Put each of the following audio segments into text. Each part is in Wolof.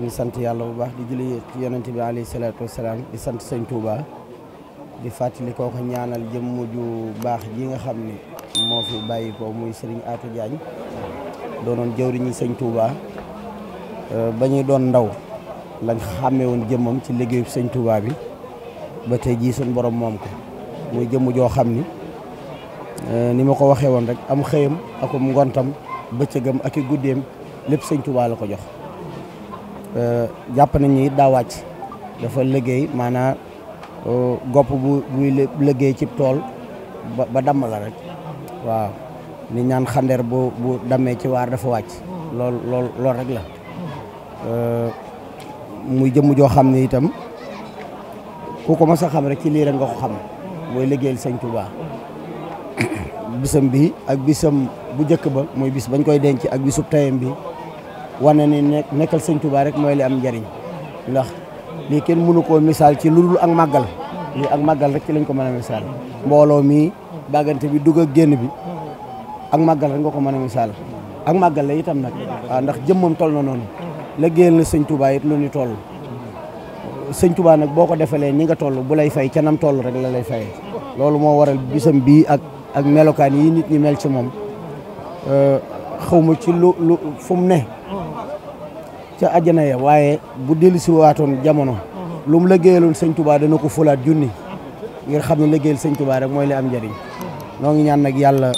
ñu sant yàlla bu baax di julli ci yonent bi alayhi salaatu salaam di sant sëñ Touba di fàttali koo ko ñaanal jëmm ju baax ji nga xam ni moo fi bàyyi ko muy sëriñ Atou Diagne doonoon jëwriñu sëñ Touba euh, ba ñuy doon ndaw lañ xàmmee woon jëmmam ci liggéeyu sëñ Touba bi ba tey jii suñ borom moom ko muy jëmm joo xam ni euh, ni ma ko waxee woon rek am xëyam akum ngontam bëccëgam ak i guddeem lépp sëñ Touba la ko jox Euh, jàpp nañ ni daa wàcc dafa liggéey maanaam euh, gopp bu buy liggéey ci tool ba damm la rek waaw ni ñaan xandeer bu bu dammee ci waar dafa wàcc lool lool lool rek la euh, muy jëmm joo xam ne itam ku ko mës a xam rek ci lii rek nga ko xam mooy liggéeyal sëñ Touba bisam bi ak bisam bu njëkk ba mooy bis bañ koy denc ak bisub tayam bi wane ni ne nekkal sëñ rek mooy li am njariñ ndax lii kenn mënu koo misaal ci lu dul ak màggal lii ak màggal rek ci lañ ko mën a misaal mbooloo mii bàggante bi dugg a génn bi ak màggal rek nga ko mën a misaal ak màggal la itam nag waaw ah, ndax jëmmam toll na noonu la génn na sëñ Touba lu ñu toll sëñ nag boo ko defalee ni nga toll bu lay fay ca nam toll rek la lay fayee loolu moo waral bisam bii ak ak melokaan yii nit ñi mel ci moom eh, xawma ci lu lu ne ca àjjana ya waaye bu dellu si waatoon jamono mhm. lu mu liggéeyaloon sëñ Touba dana ko fulaat junni ngir xam ne liggéeyal sëñ Touba rek mooy li am njëriñ mhm. noo ngi ñaan nag yàlla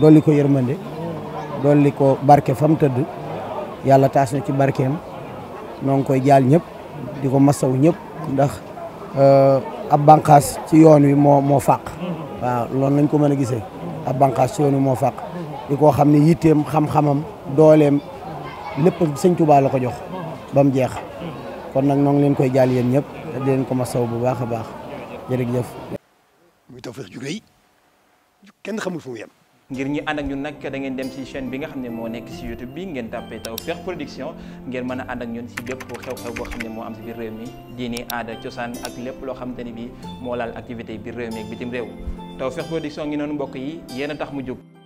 dool li ko yërmande li ko barke fam tëdd yàlla taas na ci barkeem noo ngi koy jaal ñëpp di ko masaw ñëpp ndax euh, ab bànqaas ci yoon wi moo moo fàq mhm. waaw loolu lañ ko mën a gisee ab bànqaas ci yoon wi moo fàq di koo xam ne yitteem xam-xamam dooleem lépp sëñ Touba la ko jox ba mu jeex kon nag noo ngi leen koy jaal yéen ñëpp te di leen ko masaw bu baax a baax jërëjëf. muy Tawfekh kenn xamul fu mu yem. ngir ñi ànd ak ñun nag da dem ci chaîne bi nga xam ne moo nekk ci YouTube bi ngeen tàppee Tawfekh Production ngeen mën a ànd ak ñun ci bépp xew-xew boo xam ne moo am ci biir réew mi diini aada cosaan ak lépp loo xamante ni bi moo laal activité biir réew mi ak bitim réew Tawfekh Production ngi noonu mbokk yi yéen tax mu jóg.